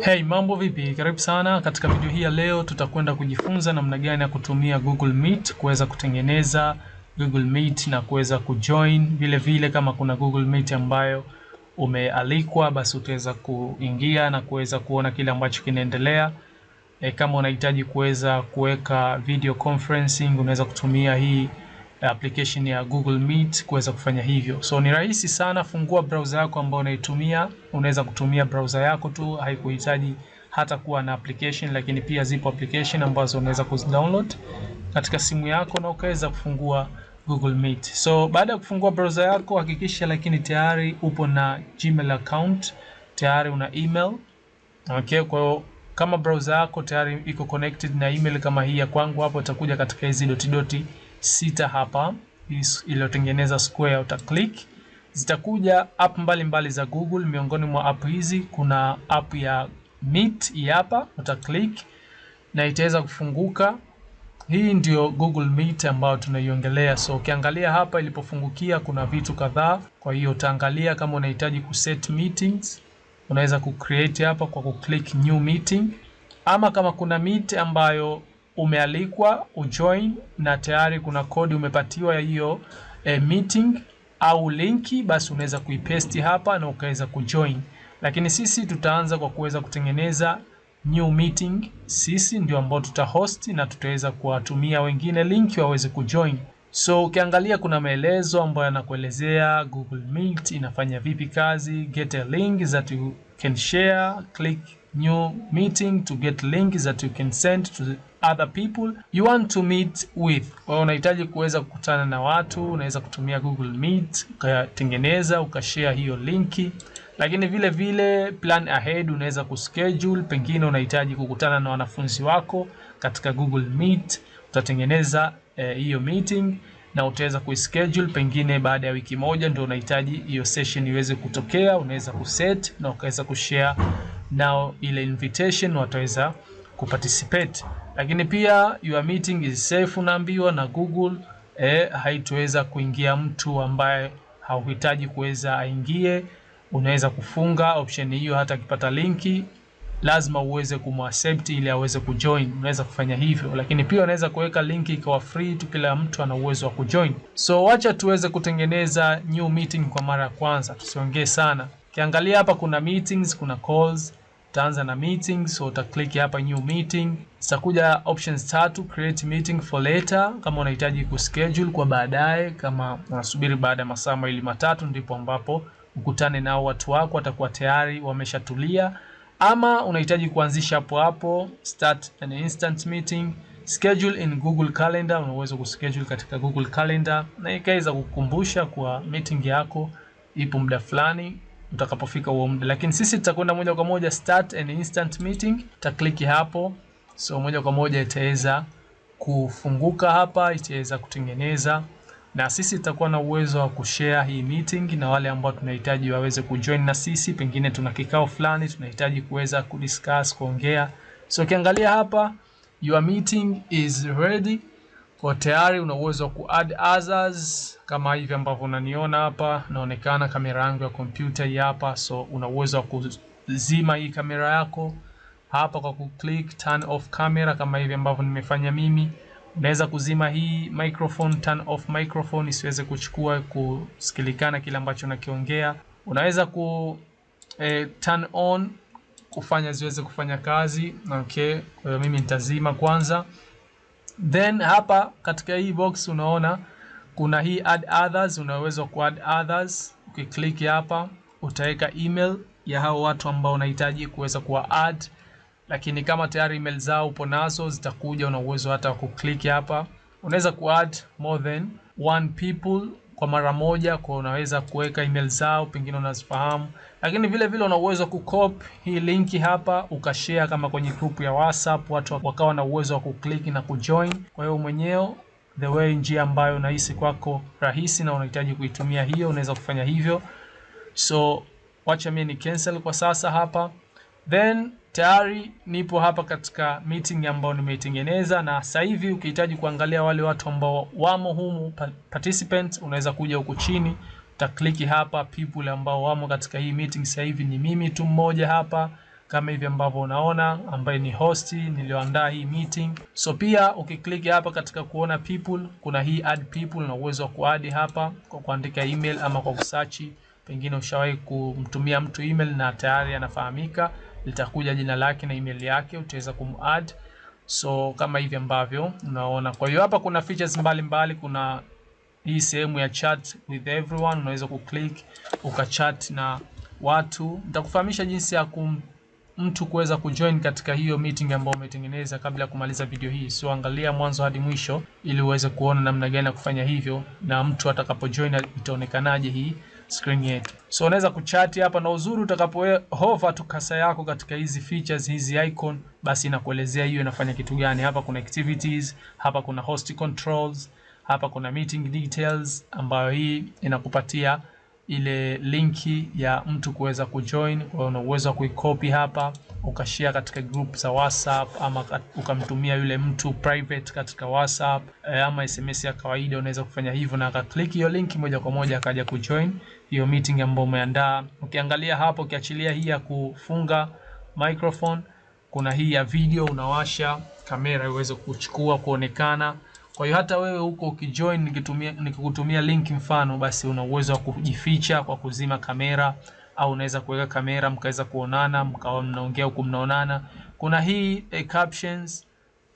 Hey, mambo vipi? Karibu sana. Katika video hii ya leo tutakwenda kujifunza namna gani ya kutumia Google Meet kuweza kutengeneza Google Meet na kuweza kujoin. Vile vile kama kuna Google Meet ambayo umealikwa, basi utaweza kuingia na kuweza kuona kile ambacho kinaendelea. E, kama unahitaji kuweza kuweka video conferencing unaweza kutumia hii application ya Google Meet kuweza kufanya hivyo. So ni rahisi sana, fungua browser yako ambayo unaitumia. Unaweza kutumia browser yako tu, haikuhitaji hata kuwa na application, lakini pia zipo application ambazo unaweza kuzidownload katika simu yako na ukaweza kufungua Google Meet. So baada ya kufungua browser yako hakikisha lakini tayari upo na Gmail account, tayari una email. Okay, kwa hiyo kama browser yako tayari iko connected na email kama hii ya kwangu hapo itakuja katika hizi dotidoti sita hapa iliyotengeneza square, uta click zitakuja app mbalimbali mbali za Google. Miongoni mwa app hizi kuna app ya Meet hapa, uta click na itaweza kufunguka. Hii ndio Google Meet ambayo tunaiongelea. So ukiangalia hapa ilipofungukia, kuna vitu kadhaa. Kwa hiyo utaangalia kama unahitaji set meetings, unaweza create hapa kwa click new meeting, ama kama kuna meet ambayo umealikwa ujoin na tayari kuna kodi umepatiwa ya hiyo eh, meeting au linki, basi unaweza kuipesti hapa na ukaweza kujoin. Lakini sisi tutaanza kwa kuweza kutengeneza new meeting. Sisi ndio ambao tutahost na tutaweza kuwatumia wengine linki waweze kujoin. So ukiangalia kuna maelezo ambayo yanakuelezea Google Meet inafanya vipi kazi, get a link that you can share, click new meeting to get link that you can send to other people you want to meet with. Kwa unahitaji kuweza kukutana na watu, unaweza kutumia Google Meet ukatengeneza ukashare hiyo linki, lakini vile vile plan ahead, unaweza kuschedule, pengine unahitaji kukutana na wanafunzi wako katika Google Meet, utatengeneza eh, hiyo eh, meeting na utaweza kuischedule pengine baada ya wiki moja ndio unahitaji hiyo session iweze kutokea, unaweza kuset na ukaweza kushare nao ile invitation, wataweza kuparticipate lakini pia your meeting is safe unaambiwa na Google eh, haitoweza kuingia mtu ambaye hauhitaji kuweza aingie. Unaweza kufunga option hiyo, hata akipata linki lazima uweze kumwaccept ili aweze kujoin. Unaweza kufanya hivyo, lakini pia unaweza kuweka linki ikawa free tu, kila mtu ana uwezo wa kujoin. So wacha tuweze kutengeneza new meeting kwa mara ya kwanza, tusiongee sana. Kiangalia hapa, kuna meetings, kuna calls utaanza na meeting, so uta click hapa new meeting. Zitakuja options tatu, create meeting for later, kama unahitaji kuschedule kwa baadaye, kama unasubiri baada ya masaa mawili matatu, ndipo ambapo ukutane nao watu wako watakuwa tayari wameshatulia, ama unahitaji kuanzisha hapo hapo, start an instant meeting schedule in Google Calendar. Unaweza kuschedule katika Google Calendar na ikaweza kukumbusha kwa meeting yako ipo muda fulani utakapofika huo muda, lakini sisi tutakwenda moja kwa moja start an instant meeting, takliki hapo, so moja kwa moja itaweza kufunguka hapa, itaweza kutengeneza na sisi tutakuwa na uwezo wa kushare hii meeting na wale ambao tunahitaji waweze kujoin na sisi. Pengine tuna kikao fulani tunahitaji kuweza kudiscuss, kuongea. So ukiangalia hapa, your meeting is ready kwa tayari una uwezo wa kuadd others kama hivi ambavyo unaniona hapa, naonekana kamera yangu ya kompyuta hii hapa. So una uwezo wa kuzima hii kamera yako hapa kwa ku click turn off camera kama hivi ambavyo nimefanya mimi. Unaweza kuzima hii microphone, turn off microphone isiweze kuchukua kusikilikana kile ambacho nakiongea. Unaweza ku eh, turn on kufanya ziweze kufanya kazi okay. Kwa hiyo mimi nitazima kwanza then hapa katika hii box unaona kuna hii add others, unaweza ku add others. Ukiklik hapa utaweka email ya hao watu ambao unahitaji kuweza kuwa add, lakini kama tayari email zao upo nazo zitakuja, una uwezo hata wa kuklik hapa, unaweza ku add more than one people kwa mara moja, kwa unaweza kuweka email zao, pengine unazifahamu, lakini vile vile una uwezo wa kucopy hii linki hapa ukashare, kama kwenye group ya WhatsApp, watu wakawa na uwezo wa kukliki na kujoin. Kwa hiyo mwenyewe the way, njia ambayo unahisi kwako rahisi na unahitaji kuitumia hiyo, unaweza kufanya hivyo. So wacha mimi ni cancel kwa sasa hapa. Then tayari nipo hapa katika meeting ambayo nimeitengeneza, na sasa hivi ukihitaji kuangalia wale watu ambao wamo humu participants, unaweza kuja huku chini utakliki hapa people ambao wamo katika hii meeting. Sasa hivi ni mimi tu mmoja hapa kama hivi ambavyo unaona, ambaye ni host nilioandaa hii meeting. So pia ukiklik hapa katika kuona people, kuna hii add people, na uwezo wa kuadi hapa kwa kuandika email ama kwa kusachi. Pengine ushawahi kumtumia mtu email na tayari anafahamika litakuja jina lake na email yake, utaweza kumadd. So kama hivi ambavyo unaona. Kwa hiyo hapa kuna features mbalimbali mbali, kuna hii sehemu ya chat with everyone, unaweza kuclick ukachat na watu. Nitakufahamisha jinsi ya kum mtu kuweza kujoin katika hiyo meeting ambayo umetengeneza kabla ya kumaliza video hii. So angalia mwanzo hadi mwisho ili uweze kuona namna gani ya kufanya hivyo, na mtu atakapojoin itaonekanaje hii screen yetu. So unaweza kuchati hapa, na uzuri utakapo hover tu kasa yako katika hizi features hizi icon, basi inakuelezea hiyo inafanya kitu gani. Hapa kuna activities, hapa kuna host controls, hapa kuna meeting details ambayo hii inakupatia ile linki ya mtu kuweza kujoin. Kwa hiyo una uwezo wa kuikopi hapa ukashia katika group za WhatsApp ama ukamtumia yule mtu private katika WhatsApp eh, ama SMS ya kawaida. Unaweza kufanya hivyo na akaklik hiyo linki moja kwa moja akaja kujoin hiyo meeting ambayo umeandaa. Ukiangalia hapo, ukiachilia hii ya kufunga microphone, kuna hii ya video, unawasha kamera iweze kuchukua kuonekana. Kwa hiyo hata wewe huko ukijoin, nikitumia nikikutumia link mfano, basi una uwezo wa kujificha kwa kuzima kamera au unaweza kuweka kamera mkaweza kuonana mkawa mnaongea huku mnaonana. Kuna hii e, captions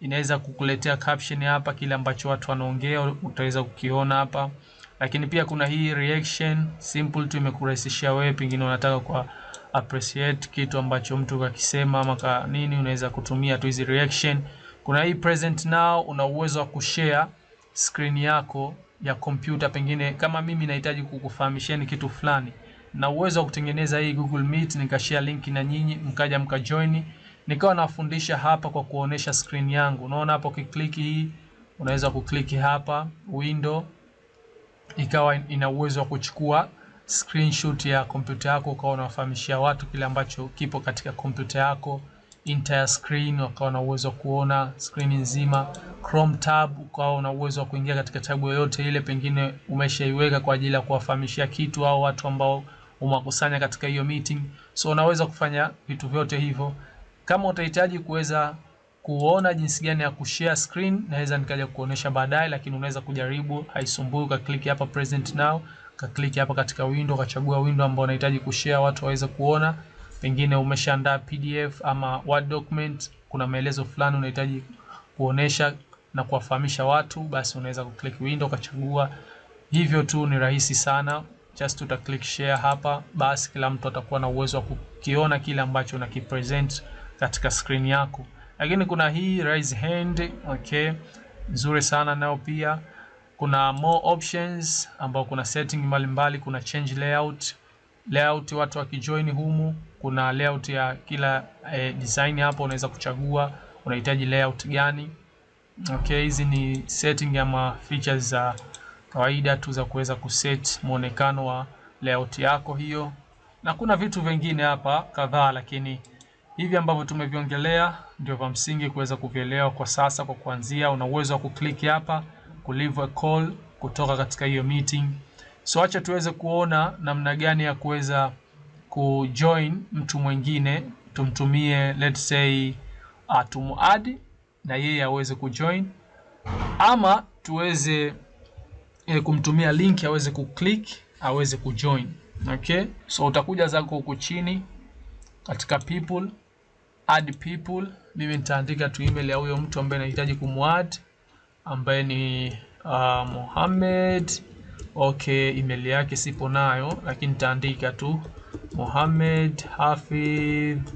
inaweza kukuletea caption hapa, kile ambacho watu wanaongea utaweza kukiona hapa, lakini pia kuna hii reaction simple tu, imekurahisishia wewe, pengine unataka kwa appreciate kitu ambacho mtu kakisema ama nini, unaweza kutumia tu hizi reaction. Kuna hii present now, una uwezo wa kushare screen yako ya kompyuta. Pengine kama mimi nahitaji kukufahamisheni kitu fulani, na uwezo wa kutengeneza hii Google Meet, nikashare link na nyinyi, mkaja mkajoin, nikawa nafundisha hapa kwa kuonesha screen yangu. Unaona hapo, ukikliki hii unaweza kukliki hapa window, ikawa ina uwezo wa kuchukua screenshot ya kompyuta yako, ukawa unawafahamishia watu kile ambacho kipo katika kompyuta yako entire screen, ukawa na uwezo wa kuona screen nzima. Chrome tab ukawa una uwezo wa kuingia katika tabu yoyote ile, pengine umeshaiweka kwa ajili ya kuwafahamishia kitu au watu ambao umakusanya katika hiyo meeting. So unaweza kufanya vitu vyote hivyo. Kama utahitaji kuweza kuona jinsi gani ya kushare screen, naweza nikaja kuonesha baadaye, lakini unaweza kujaribu, haisumbui. kwa click hapa present now, kwa click hapa katika window, kachagua window ambayo unahitaji kushare watu waweze kuona pengine umeshaandaa PDF ama Word document, kuna maelezo fulani unahitaji kuonesha na kuwafahamisha watu, basi unaweza kuclick window ukachagua. Hivyo tu ni rahisi sana, just uta click share hapa, basi kila mtu atakuwa na uwezo wa kukiona kile ambacho unakipresent katika screen yako. Lakini kuna hii raise hand, okay, nzuri sana nayo pia. Kuna more options ambao kuna setting mbalimbali, kuna change layout layout watu wakijoin humu, kuna layout ya kila eh, design hapo, unaweza kuchagua unahitaji layout gani. Okay, hizi ni setting ama features za kawaida tu za kuweza kuset muonekano wa layout yako hiyo, na kuna vitu vingine hapa kadhaa, lakini hivi ambavyo tumeviongelea ndio vya msingi kuweza kuvielewa kwa sasa. Kwa kuanzia, una uwezo wa kuklik hapa, kuleave a call kutoka katika hiyo meeting. So acha tuweze kuona namna gani ya kuweza kujoin mtu mwingine, tumtumie let's say uh, na yeye aweze kujoin, ama tuweze eh, kumtumia link aweze kuclick aweze kujoin. Okay, so utakuja zako huku chini katika people, add people. Mimi nitaandika tu email ya huyo mtu ambaye anahitaji kumuad ambaye ni uh, Mohamed Okay, email yake sipo nayo, lakini nitaandika tu Mohamed Hafidh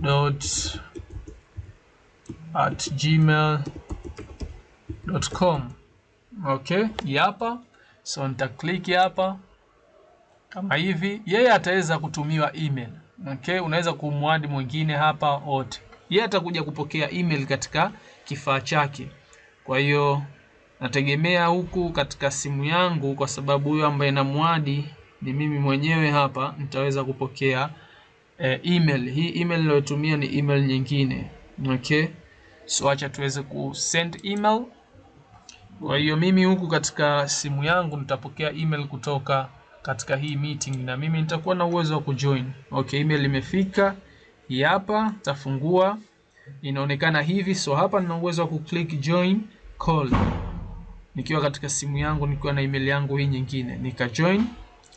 dot at com. Okay, hapa so nitakliki hapa kama hivi, yeye ataweza kutumiwa email. Okay, unaweza kumwadi mwingine hapa wote, yeye atakuja kupokea email katika kifaa chake, kwa hiyo nategemea huku katika simu yangu, kwa sababu huyo ambaye na mwadi ni mimi mwenyewe hapa, nitaweza kupokea e, email hii. Email niliyotumia ni email nyingine okay. So acha tuweze ku send email. Kwa hiyo mimi huku katika simu yangu nitapokea email kutoka katika hii meeting, na mimi nitakuwa na uwezo wa kujoin okay. Email imefika hapa, tafungua inaonekana hivi. So hapa nina uwezo wa kuclick join call nikiwa katika simu yangu nikiwa na email yangu hii nyingine, nika join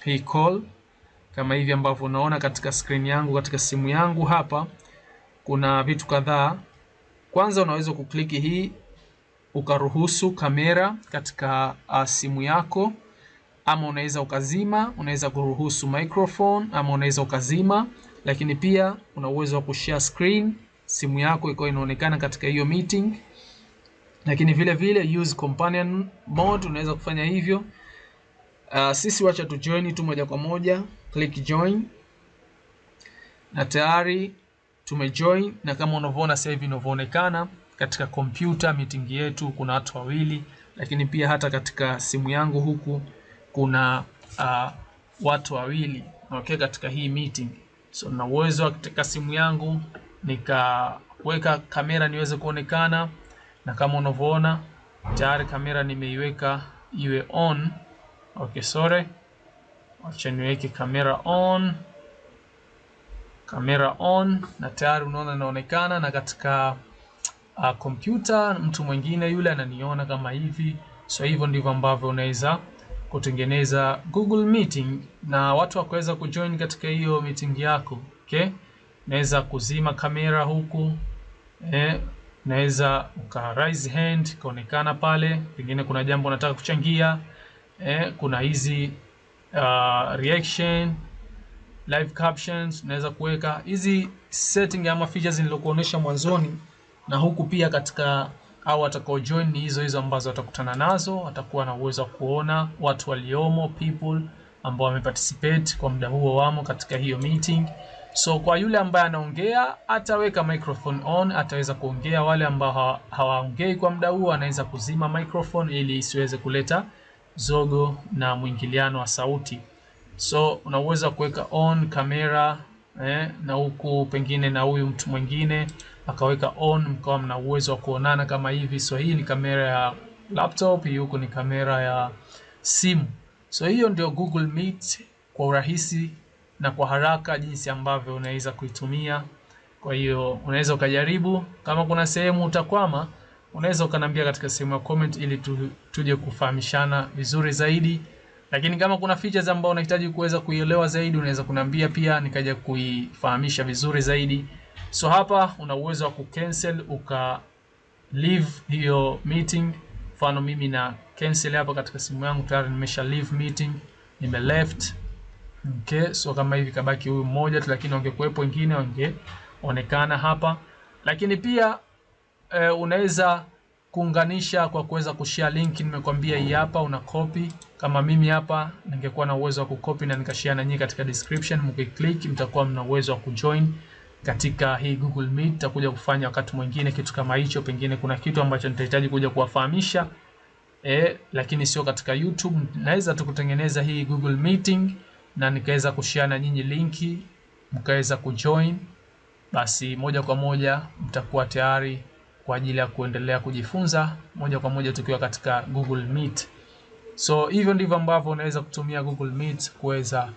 hii call kama hivi ambavyo unaona katika screen yangu katika simu yangu hapa. Kuna vitu kadhaa. Kwanza unaweza kukliki hii ukaruhusu kamera katika uh, simu yako, ama unaweza ukazima. Unaweza kuruhusu microphone ama unaweza ukazima, lakini pia una uwezo wa kushare screen, simu yako iko inaonekana katika hiyo meeting lakini vile vile use companion mode unaweza kufanya hivyo. Uh, sisi wacha tu join tu moja kwa moja, click join na tayari tumejoin, na kama unavyoona sasa hivi inavyoonekana katika kompyuta meeting yetu kuna watu wawili, lakini pia hata katika simu yangu huku kuna uh, watu wawili okay, katika hii meeting. So na uwezo katika simu yangu nikaweka kamera niweze kuonekana na kama unavyoona tayari kamera nimeiweka iwe on. Okay, sorry, acha niweke kamera on, kamera on, na tayari unaona inaonekana, na katika ah, kompyuta uh, mtu mwingine yule ananiona kama hivi. So hivyo ndivyo ambavyo unaweza kutengeneza Google Meeting na watu wakaweza kujoin katika hiyo meeting yako. Okay, naweza kuzima kamera huku eh, Unaweza uka raise hand kaonekana pale, pengine kuna jambo unataka kuchangia. Eh, kuna hizi uh, reaction live captions unaweza kuweka hizi setting ama features nilizokuonesha mwanzoni, na huku pia katika au watakao join ni hizo hizo ambazo watakutana nazo, watakuwa na uwezo wa kuona watu waliomo people ambao wameparticipate kwa muda huo wamo katika hiyo meeting. So kwa yule ambaye anaongea ataweka microphone on, ataweza kuongea. Wale ambao hawaongei kwa muda huo, anaweza kuzima microphone ili isiweze kuleta zogo na mwingiliano wa sauti. So unaweza kuweka on kamera eh, na huku pengine na huyu mtu mwingine akaweka on, mkawa mna uwezo wa kuonana kama hivi. So hii ni kamera ya laptop, hii huku ni kamera ya simu. So hiyo ndio Google Meet kwa urahisi na kwa haraka jinsi ambavyo unaweza kuitumia. Kwa hiyo unaweza ukajaribu, kama kuna sehemu utakwama, unaweza ukanambia katika sehemu ya comment ili tu, tuje kufahamishana vizuri zaidi. Lakini kama kuna features ambazo unahitaji kuweza kuielewa zaidi, unaweza kuniambia pia nikaja kuifahamisha vizuri zaidi. So hapa una uwezo wa kucancel uka leave hiyo meeting. Mfano mimi na cancel hapa katika simu yangu, tayari nimesha leave meeting, nime left Okay, so kama hivi kabaki huyu mmoja tu, lakini wangekuwepo wengine wangeonekana hapa. Lakini pia e, unaweza kuunganisha kwa kuweza kushare link. Nimekwambia hii hapa, una copy. Kama mimi hapa ningekuwa na uwezo wa kukopi na nikashare na nyinyi katika description, mkiclick mtakuwa mna uwezo wa kujoin katika hii Google Meet. Takuja kufanya wakati mwingine kitu kama hicho, pengine kuna kitu ambacho nitahitaji kuja kuwafahamisha e, lakini sio katika YouTube. Naweza tukutengeneza hii Google Meeting na nikaweza kushare na nyinyi linki mkaweza kujoin, basi moja kwa moja mtakuwa tayari kwa ajili ya kuendelea kujifunza moja kwa moja tukiwa katika Google Meet. So hivyo ndivyo ambavyo unaweza kutumia Google Meet kuweza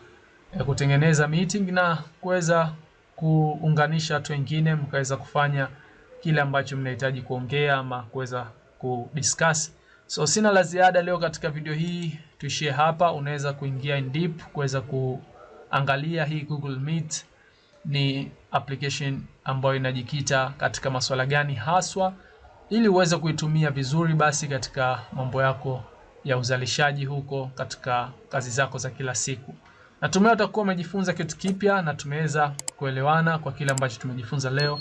eh, kutengeneza meeting na kuweza kuunganisha watu wengine mkaweza kufanya kile ambacho mnahitaji kuongea ama kuweza kudiscuss. So sina la ziada leo katika video hii, tuishie hapa. Unaweza kuingia in deep kuweza kuangalia hii Google Meet ni application ambayo inajikita katika masuala gani haswa, ili uweze kuitumia vizuri basi katika mambo yako ya uzalishaji huko katika kazi zako za kila siku. Natumai utakuwa umejifunza kitu kipya na tumeweza kuelewana kwa kile ambacho tumejifunza leo.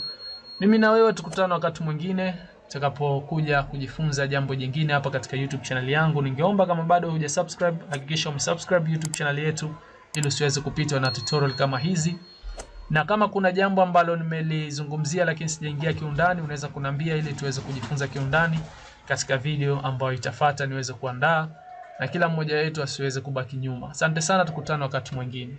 Mimi na wewe tukutane wakati mwingine utakapokuja kujifunza jambo jingine hapa katika YouTube channel yangu. Ningeomba kama bado subscribe, hakikisha umesubscribe YouTube channel yetu ili usiweze kupitwa na tutorial kama hizi, na kama kuna jambo ambalo nimelizungumzia lakini sijaingia kiundani, unaweza kuniambia ili tuweze kujifunza kiundani katika video ambayo itafata, niweze kuandaa na kila mmoja wetu asiweze kubaki nyuma. Asante sana, tukutane wakati mwingine.